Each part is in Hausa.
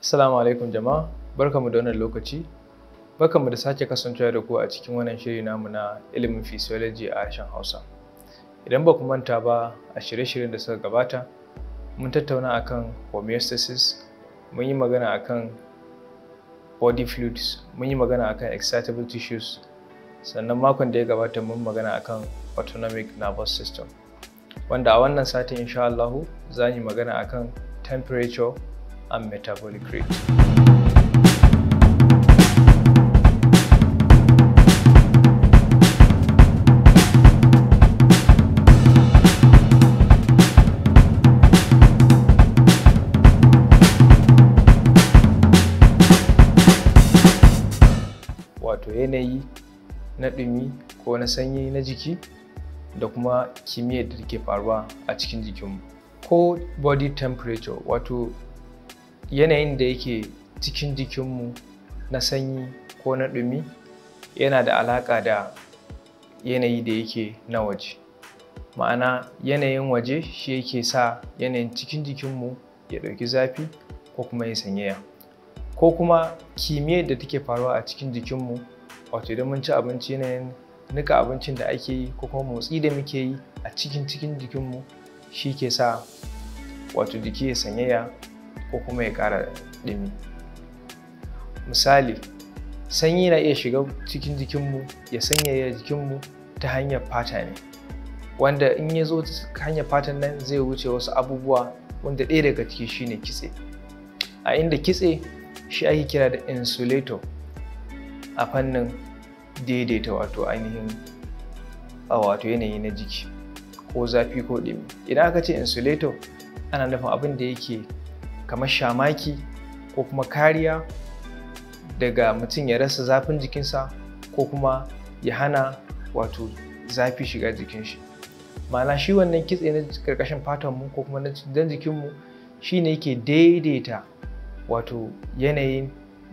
Assalamu alaikum jama'a, barkamu da wannan lokaci. Barkamu da sake kasancewa da ku a cikin wannan shiri namu na ilimin physiology a harshen Hausa. Idan ba ku manta ba a shirye-shiryen da suka gabata, mun tattauna akan homeostasis, mun yi magana akan body fluids, mun yi magana akan excitable tissues, sannan makon da ya gabata mun magana akan autonomic nervous system. Wanda a wannan satin insha Allahu za mu magana akan temperature and metabolic rate. Wato yanayi na ɗumi ko na sanyi na jiki da kuma kimiyyar da ke faruwa a cikin jikinmu. Ko body temperature wato yanayin da yake cikin jikinmu na sanyi ko na ɗumi yana da alaƙa da yanayi da yake na waje ma'ana yanayin waje shi yake sa yanayin cikin jikinmu ya ɗauki zafi ko kuma ya sanyaya ko kuma kimiyyar da take faruwa a cikin jikinmu wato idan mun ci abinci yanayin nika abincin da ake yi ko kuma motsi da muke yi a cikin cikin jikinmu shi ke sa wato jiki ya sanyaya ko kuma ya ƙara ɗumi misali sanyi na iya shiga cikin jikinmu ya sanyaya jikinmu ta hanyar fata ne wanda in ya zo ta hanyar fatan nan zai wuce wasu abubuwa wanda ɗaya daga ciki shine kitse a inda kitse shi ake kira da insulator a fannin daidaita wato ainihin a wato yanayi na jiki ko zafi ko ɗumi idan aka ce insulator ana nufin abin da yake kamar shamaki ko kuma kariya daga mutum ya rasa zafin jikinsa ko kuma ya hana wato zafi shiga jikin shi ma'ana shi wannan kitse na karkashin mu ko kuma na dan jikinmu shi ne yake daidaita wato yanayin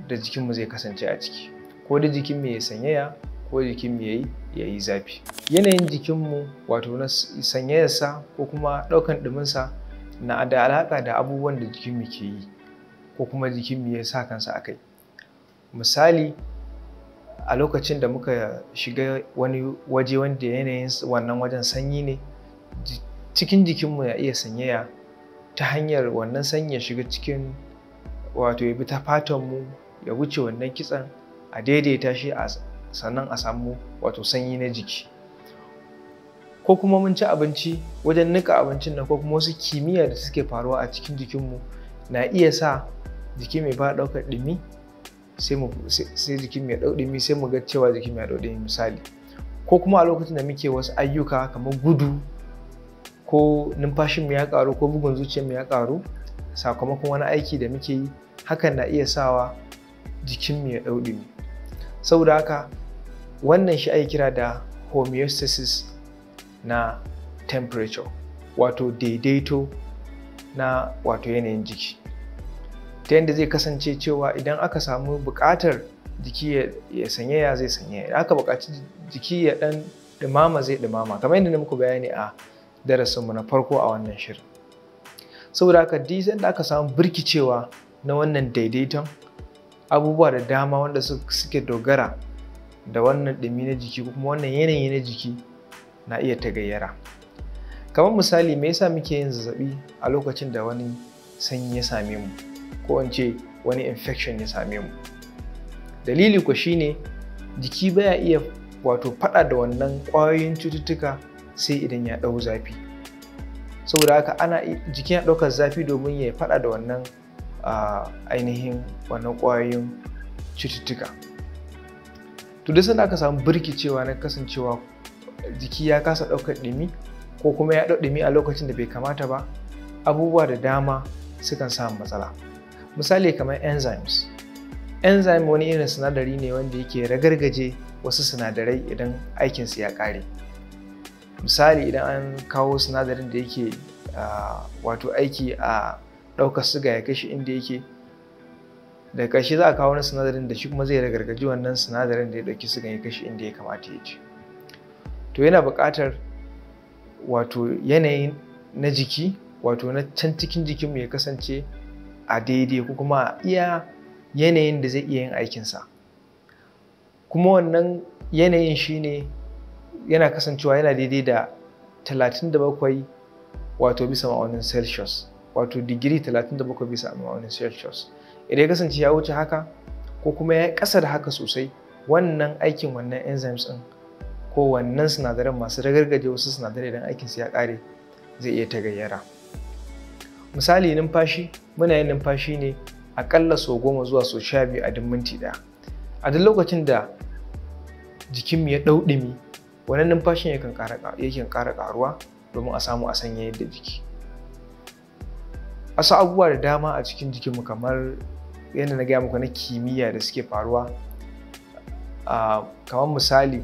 da jikinmu zai kasance a ciki ko da jikin mu ya sanyaya ko jikin mu yayi yayi zafi yanayin jikinmu wato na sa ko kuma ɗaukan ɗuminsa na da alaƙa da abubuwan da jikinmu ke yi ko kuma jikinmu ya sa kansa a kai misali a lokacin da muka shiga wani waje wanda yanayin wannan wajen sanyi ne cikin jikinmu ya iya sanyaya ta hanyar wannan sanyi shiga cikin wato ya bi ta fatanmu ya wuce wannan kitsan a daidaita shi sannan a samu wato sanyi na jiki ko kuma mun ci abinci wajen nika abincin nan ko kuma wasu kimiyya da suke faruwa a cikin jikinmu na iya sa jiki mai ba ɗaukar ɗumi sai jikin mai ɗau ɗumi sai mu ga cewa jikin mai ɗau ɗumi misali ko kuma a lokacin da muke wasu ayyuka kamar gudu ko numfashinmu ya ƙaru ko bugun zuciyarmu ya ƙaru sakamakon wani aiki da muke yi hakan na iya sawa jikinmu ya ɗau ɗumi saboda haka wannan shi ake kira da homeostasis na temperature wato daidaito na wato yanayin jiki ta yadda zai kasance cewa idan aka samu buƙatar jiki ya sanyaya zai sanyaya idan aka buƙaci jiki ya ɗan ɗumama zai ɗumama kamar yadda na muku bayani a darasinmu na farko a wannan shirin saboda haka duk da aka samu birkicewa na wannan daidaiton abubuwa da dama wanda suke dogara da wannan ɗumi na jiki ko kuma wannan yanayi na jiki na iya tagayyara kamar misali me yasa muke yin zazzabi a lokacin da wani sanyi ya same mu ko in ce wani infection ya same mu dalili ku shine jiki baya iya wato fada da wannan ƙwayoyin cututtuka sai idan ya ɗau zafi saboda haka ana jiki ya ɗaukar zafi domin ya fada da wannan ainihin wannan ƙwayoyin cututtuka to duk sanda aka samu birkicewa na kasancewa jiki ya kasa ɗaukar ɗumi ko kuma ya ɗau ɗumi a lokacin da bai kamata ba abubuwa da dama sukan samu matsala misali kamar enzymes enzyme wani irin sinadari ne wanda yake ragargaje wasu sinadarai idan aikinsu ya ƙare misali idan an kawo sinadarin da yake wato aiki a ɗaukar suga ya kashi inda yake da ƙarshe za a kawo wani sinadarin da shi kuma zai ragargaji wannan sinadarin da ya ɗauki sugan ya kashi inda ya kamata ya ce. to yana buƙatar wato yanayin na jiki wato na can cikin jikinmu ya kasance a daidai ko kuma a iya yanayin da zai iya yin aikinsa kuma wannan yanayin shine yana kasancewa yana daidai da 37 wato bisa ma'aunin celsius wato digiri 37 bisa ma'aunin celsius idan ya kasance ya wuce haka ko kuma ya ƙasa da haka sosai wannan aikin wannan enzymes ɗin ko wannan sinadaran masu ragargaje wasu sinadarai idan aikin su ya ƙare zai iya ta gayyara. misali numfashi muna yin numfashi ne akalla sau goma zuwa sau sha biyu a duk minti ɗaya a duk lokacin da jikinmu ya ɗau ɗumi wannan numfashin yakan ƙara ƙaruwa domin a samu a sanya yadda jiki asu abubuwa da dama a cikin jikinmu kamar yadda na gaya muku na kimiyya da suke faruwa kamar misali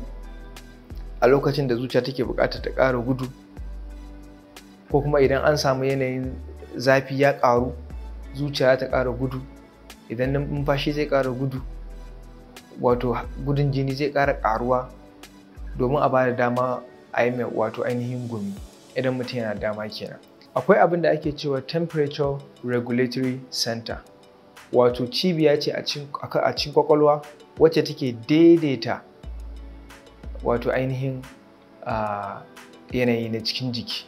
a lokacin da zuciya take bukatar ta ƙara gudu ko kuma idan an samu yanayin zafi ya ƙaru zuciya ta ƙara gudu idan numfashi zai ƙara gudu wato gudun jini zai ƙara ƙaruwa domin a bada dama a yi mai wato ainihin gumi idan mutum yana dama kenan akwai abin da ake cewa temperature regulatory center wato cibiya ce a cikin kwakwalwa wacce take daidaita wato ainihin yanayi na cikin jiki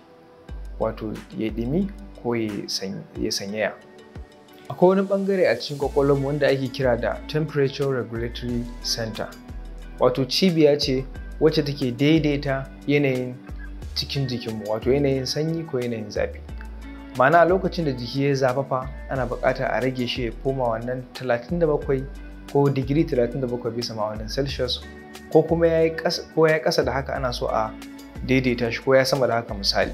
wato ya dimi ko ya sanyaya akwai wani bangare a cikin kwakwalwarmu wanda ake kira da temperature regulatory center wato cibiya ce wacce take daidaita yanayin cikin jikinmu wato yanayin sanyi ko yanayin zafi ma'ana a lokacin da jiki ya zafafa ana bukata a rage shi ya koma wannan 37 ko digiri 37 bisa wannan celsius ko kuma ya yi ƙasa da haka ana so a daidaita shi ko ya sama da haka misali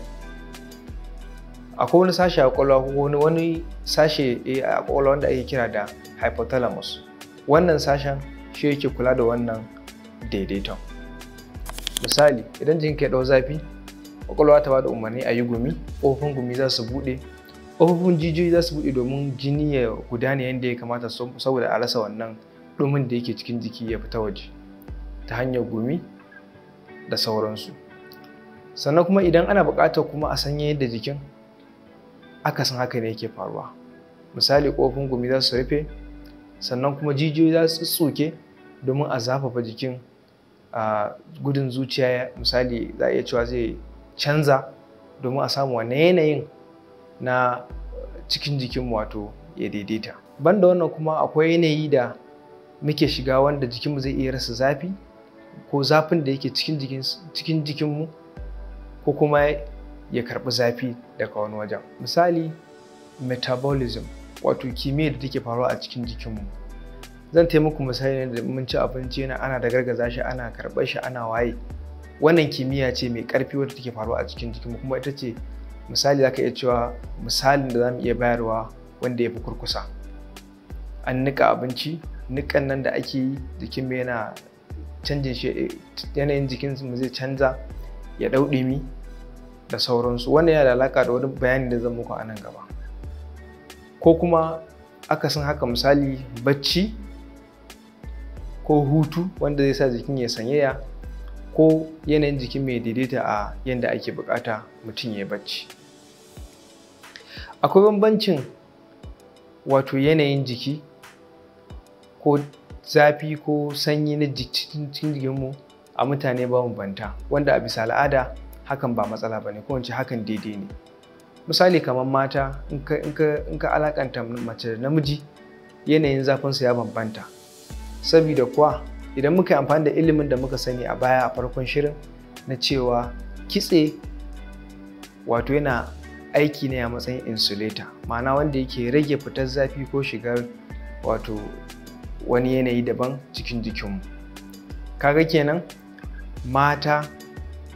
akwai wani sashe a kwakwalwa ko wani sashe eh, a kwakwalwa wanda ake kira da hypothalamus wannan sashen shi yake kula da wannan daidaiton misali idan ka ya ɗau zafi kwakwalwa ta bada umarni a yi gumi ƙofofin gumi za su buɗe ƙofofin jijiyoyi za su buɗe domin jini ya gudana yadda ya kamata saboda a rasa wannan ɗumin da yake cikin jiki ya fita waje ta hanyar gumi da sauransu sannan kuma idan ana buƙatar kuma a sanya yadda jikin aka san haka ne yake faruwa misali ƙofin gumi za su rufe sannan kuma jijiyoyi za su tsoke, domin a zafafa jikin a gudun zuciya misali za a iya cewa zai canza domin a samu wani yanayin na cikin jikin wato ya daidaita banda wannan kuma akwai yanayi da muke shiga wanda jikinmu zai iya rasa zafi ko zafin da yake cikin jikinmu ko kuma ya karɓi zafi daga wani wajen misali metabolism wato kimiyya da take faruwa a cikin jikinmu zan taimaku misali ne da mun ci abinci yana ana da gargaza shi ana karɓar shi ana waye wannan kimiyya ce mai ƙarfi wadda take faruwa a cikin jikinmu kuma ita ce misali zaka iya cewa misalin da zamu iya bayarwa wanda ya fi kurkusa an niƙa abinci niƙan nan da ake yi jikinmu yana canjin shi eh, yanayin jikinsu mu zai canza ya ɗau ɗimi da sauransu wannan yana da alaka da wani bayani da zan muku a nan gaba ko kuma akasin haka misali bacci ko hutu wanda zai sa jikin ya sanyaya ko yanayin jikin mai daidaita a yadda ake bukata mutum ya bacci akwai bambancin wato yanayin jiki ko zafi ko sanyi na cikin jikinmu a mutane ba banta wanda a bisa al'ada hakan ba matsala ba ne ko hakan daidai ne misali kamar mata in ka alakanta mace da namiji yanayin zafinsa ya bambanta saboda kuwa idan muka yi amfani da ilimin da muka sani a baya a farkon shirin na cewa kitse wato yana aiki ne a matsayin insulator ma'ana wanda yake rage fitar zafi ko shigar wato wani yanayi daban cikin jikinmu kaga kenan mata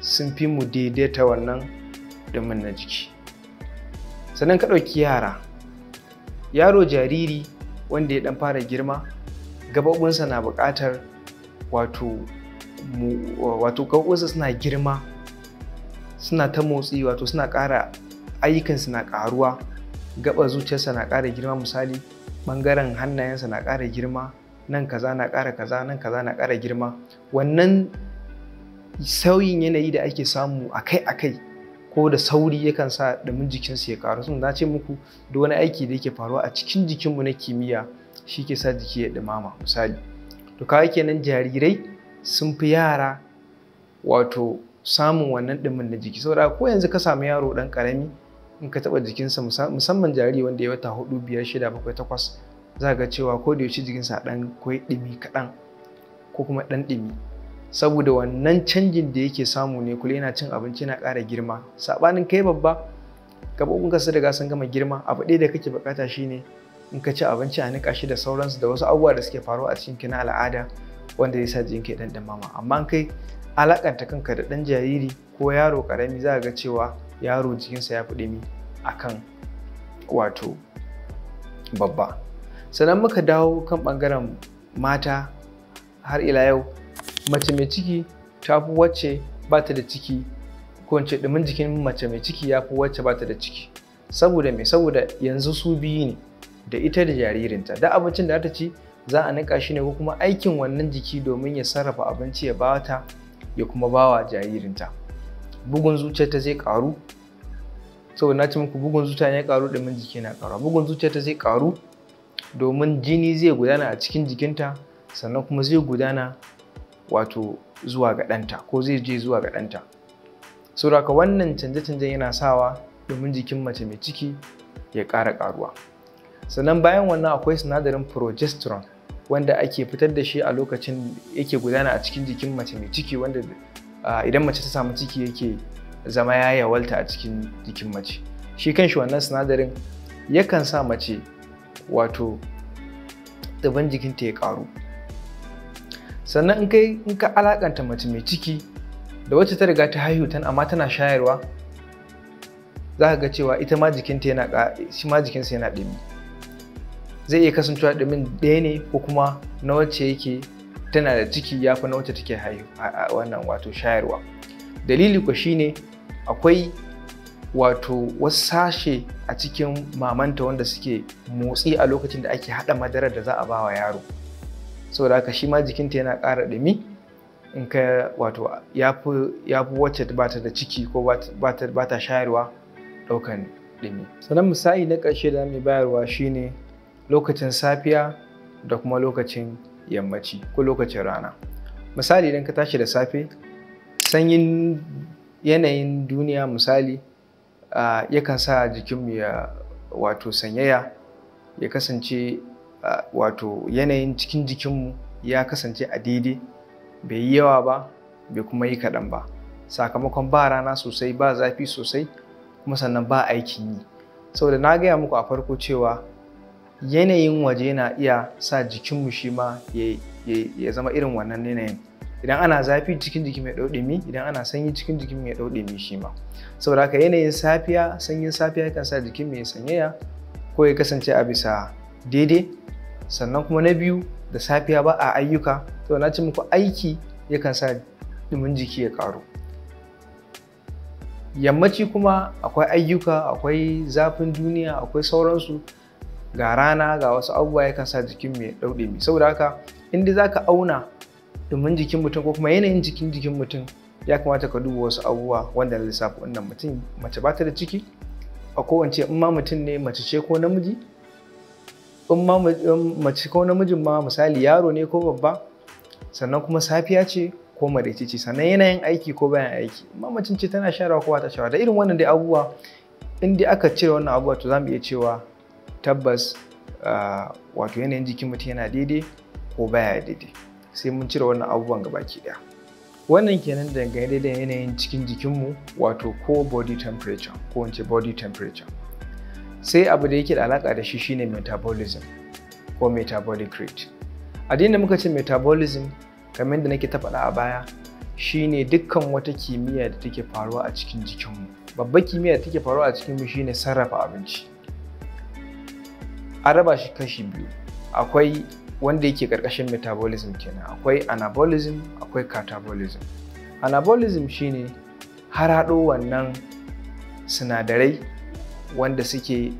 sun fi mu daidaita wannan domin na jiki sannan ka ɗauki yara yaro jariri wanda ya ɗan fara girma gababinsa na buƙatar wato wato suna girma suna ta motsi wato suna ƙara ayyukansu na ƙaruwa gaba zuciyarsa na ƙara girma misali ɓangaren hannayensa na ƙara girma nan kaza na ƙara kaza nan kaza na ƙara girma wannan sauyin yanayi da ake samu akai-akai ko da sauri yakan sa ɗumin jikinsu ya ƙaru sun ce muku da wani aiki da yake faruwa a cikin jikinmu na kimiyya shi ke sa jiki ya ɗumama misali to kawai kenan jarirai sun fi yara wato samun wannan ɗumin na jiki saboda ko yanzu ka samu yaro ɗan ƙarami in ka taɓa jikinsa musamman jariri wanda ya wata hudu biyar shida bakwai takwas za ga cewa ko da yaushe jikinsa ɗan kwai ɗimi kaɗan ko kuma ɗan ɗimi saboda wannan canjin da yake samu ne kula yana cin abinci yana ƙara girma saɓanin kai babba gaɓoɓin ka daga sun gama girma abu ɗaya da kake buƙata shine in ka ci abinci a niƙa shi da sauransu da wasu abubuwa da suke faruwa a cikin kina al'ada wanda ya sa jikinka ya ɗan mama amma kai alakanta kanka da ɗan jariri ko yaro ƙarami za ga cewa yaro jikinsa ya fi ɗumi kan wato babba sannan muka dawo kan ɓangaren mata har ila yau mace mai ciki ta fi wacce ba ta da ciki ko ce ɗumin jikin mace mai ciki ya fi wacce ba ta da ciki saboda me saboda yanzu su biyu ne da ita da jaririnta da abincin da ta ci za a niƙa shi ne ko kuma aikin wannan jiki domin ya sarrafa abinci ya ba ta ya kuma bawa jaririnta bugun zuciya ta zai karu so na ci muku bugun zuciya ya karu domin jiki na karuwa bugun zuciya ta zai karu domin jini zai gudana a cikin jikinta sannan kuma zai gudana wato zuwa ga ɗanta ko zai je zuwa ga ɗanta ka wannan canje-canjen yana sawa domin jikin mace mai ciki ya ƙara ƙaruwa sannan bayan wannan akwai sinadarin progesterone wanda ake fitar da shi a lokacin yake gudana a cikin jikin mace mai ciki wanda idan mace ta samu ciki yake zama ya yawalta a cikin jikin mace shi kanshi wannan sinadarin yakan sa mace wato daban jikinta ya karu sannan in kai in ka alakanta mace mai ciki da wacce ta riga ta haihu tan amma tana shayarwa za ka ga cewa ita ma jikinta yana shi ma jikinsa yana ɗumi zai iya kasancewa ɗumin ɗaya ne ko kuma na wacce yake tana da ciki ya fi na wacce take wannan wato shayarwa dalili ku shine akwai wato wasu sashe a cikin mamanta wanda suke motsi a lokacin da ake hada madarar da za a ba wa yaro saboda haka shi ma jikinta yana kara ɗumi in ka wato ya fi wacce ba ta da ciki ko ba ta shayarwa ɗaukan ɗumi sannan misali na ƙarshe da mai bayarwa shine lokacin safiya da kuma lokacin yammaci ko lokacin rana misali idan ka tashi da safe sanyin yanayin duniya misali yakan sa jikinmu ya wato sanyaya ya kasance wato yanayin cikin jikinmu ya kasance a daidai bai yi yawa ba bai kuma yi kaɗan ba sakamakon ba rana sosai ba zafi sosai kuma sannan ba aikin yi saboda na gaya muku a farko cewa yanayin waje na iya sa jikinmu shi ma ya zama irin wannan yanayin idan ana zafi cikin jiki mai ɗau idan ana sanyi cikin jiki mai ɗau shi ma saboda haka yanayin safiya sanyin safiya yakan sa jikin mai sanyaya ko ya kasance a bisa daidai sannan kuma na biyu da safiya ba a ayyuka to na ce muku aiki yakan sa ɗimin jiki ya ƙaru yammaci kuma akwai ayyuka akwai zafin duniya akwai sauransu ga rana ga wasu abubuwa kan sa jikin mai ya dauɗe mai saboda haka inda za ka auna domin jikin mutum ko kuma yanayin jikin jikin mutum ya kamata ka duba wasu abubuwa wanda na lissafi wannan mutum mace ba ta da ciki a kowace in ma mutum ne mace ce ko namiji in ma mace ko namijin ma misali yaro ne ko babba sannan kuma safiya ce ko maraice ce sannan yanayin aiki ko bayan aiki in ma mace ce tana sharawa ko ba ta sharawa da irin wannan dai abubuwa in dai aka cire wannan abubuwa to za mu iya cewa tabbas wato yanayin jikin mutum yana daidai ko baya daidai sai mun cire wannan abubuwan gabaki daya wannan kenan dangane da yanayin cikin jikinmu wato ko body temperature ko body temperature sai abu da yake da alaka da shi shine metabolism ko metabolic rate addinin da muka ce metabolism kamar da nake ta faɗa a baya shine dukkan wata kimiyya da take faruwa a cikin jikinmu babbar kimiyya da take faruwa a cikinmu shine sarrafa abinci an raba shi kashi biyu akwai wanda yake ƙarƙashin metabolism kenan akwai anabolism akwai catabolism anabolism shine haraɗo wannan sinadarai wanda suke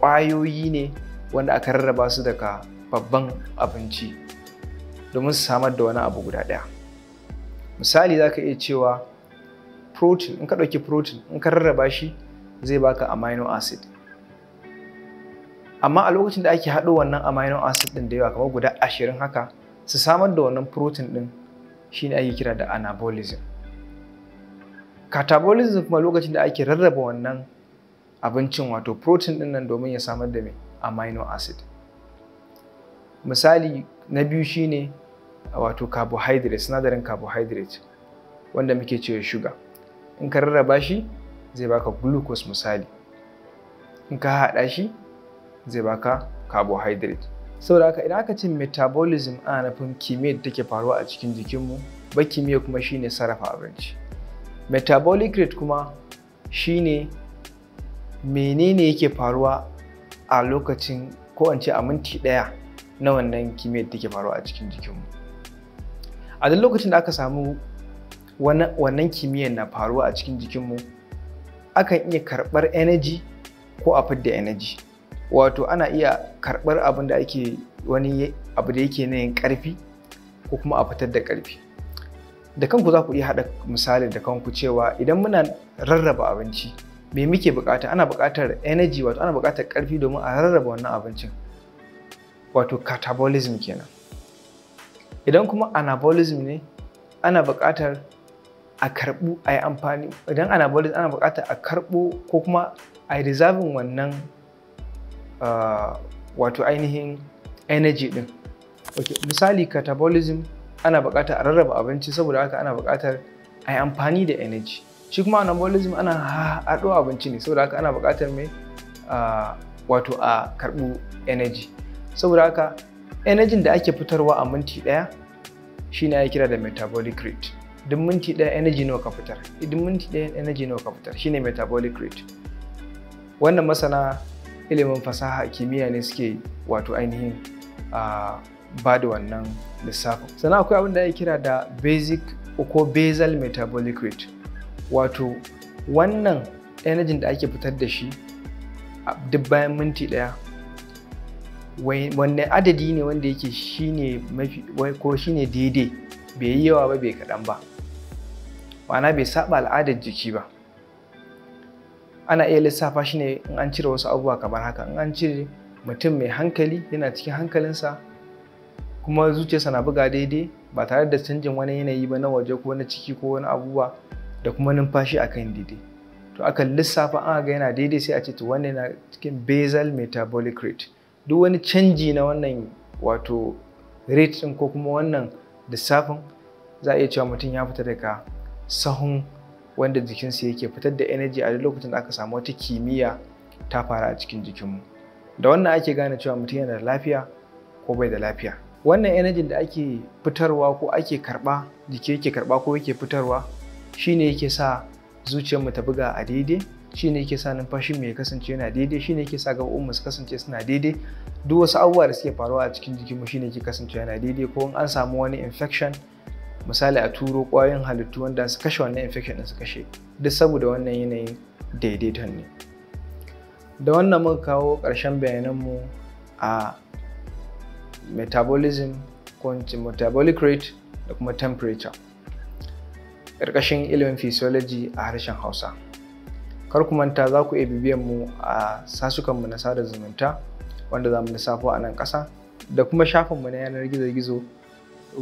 ƙwayoyi ne wanda aka rarraba su daga babban abinci domin su samar da wani abu guda ɗaya misali za ka iya cewa protein in ka ɗauki protein in ka rarraba shi zai baka amino acid amma a lokacin da ake haɗo wannan amino acid ɗin da yawa kamar guda ashirin haka su samar da wannan protein ɗin shine ake kira da anabolism catabolism kuma lokacin da ake rarraba wannan abincin wato protein ɗin nan domin ya samar da mai amino acid misali na biyu shine wato carbohydrate sinadarin carbohydrate wanda muke cewa sugar in ka rarraba shi zai baka glucose misali in ka haɗa shi zai baka carbohydrate saboda haka idan aka ce metabolism ana nufin kimiyyar da take faruwa a cikin jikinmu ba kimiyya kuma shine sarrafa abinci metabolic rate kuma shine menene yake faruwa a lokacin ko a minti ɗaya na wannan kimiyyar da take faruwa a cikin jikinmu a duk lokacin da aka samu wannan kimiyyar na faruwa a cikin jikinmu akan iya karɓar energy ko a fidda energy wato ana iya karɓar abin da ake wani abu da yake yin ƙarfi ko kuma a fitar da ƙarfi da kanku za ku iya haɗa misali da kanku cewa idan muna rarraba abinci me muke buƙata ana buƙatar energy wato ana buƙatar ƙarfi domin a rarraba wannan abincin wato catabolism kenan idan kuma anabolism ne ana buƙatar a karɓu a yi amfani idan anabolism ana buƙatar a karɓo ko kuma a yi reserving wannan Uh, wato ainihin energy din okay. misali catabolism ana buƙatar a rarraba abinci saboda haka ana buƙatar a yi amfani da energy shi kuma anabolism ana haɗo abinci ne saboda haka ana buƙatar mai wato a karɓu energy saboda haka energy da ake fitarwa a minti ɗaya shine ake kira da metabolic rate duk minti ɗaya energy nawa ka fitar Idan minti ɗaya energy nawa ka fitar ne metabolic rate wannan masana ilimin fasaha kimiyya ne suke wato ainihin ba da wannan lissafin sannan akwai abin da ya kira da basic ko basal metabolic rate wato wannan energy da ake fitar da shi duk bayan minti ɗaya. wanne adadi ne wanda yake shine mafi ko shine daidai bai yi yawa ba bai kaɗan ba ma'ana bai saba al'adar jiki ba ana iya lissafa shi ne in an cire wasu abubuwa kamar haka in an cire mutum mai hankali yana cikin hankalinsa kuma zuciyarsa na buga daidai ba tare da canjin wani yanayi ba na waje ko na ciki ko wani abubuwa da kuma numfashi a akan daidai to aka lissafa an ga yana daidai sai a ce to wannan yana cikin basal metabolic rate duk wani canji na wannan wato rate ɗin ko kuma wannan lissafin za a iya cewa mutum ya fita daga sahun wanda jikinsu yake fitar da energy a duk lokacin da aka samu wata kimiyya ta fara a cikin jikinmu da wannan ake gane cewa mutum yana da lafiya ko bai da lafiya wannan energy da ake fitarwa ko ake karba jiki yake karba ko yake fitarwa shine yake sa zuciyar mu ta buga a daidai shine yake sa numfashin mu ya kasance yana daidai shine yake sa gaban mu su kasance suna daidai duk wasu abubuwa da suke faruwa a cikin jikinmu shine yake kasance yana daidai ko in an samu wani infection misali a turo ƙwayoyin halittu wanda su kashe wannan infection ɗin su kashe duk saboda wannan yanayin daidaiton ne da wannan muka kawo ƙarshen bayananmu a metabolism ko metabolic rate da kuma temperature ƙarƙashin ilimin physiology a harshen hausa kar ku manta za ku iya bibiyan mu a sasukanmu na sada zumunta wanda za mu lissafo a nan ƙasa da kuma shafinmu na yanar gizo-gizo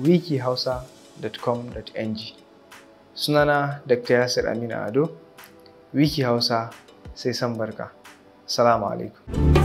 wiki hausa www.wikihausa.com.ng sunana dr yasir amina ado wiki hausa sai san barka salamu alaikum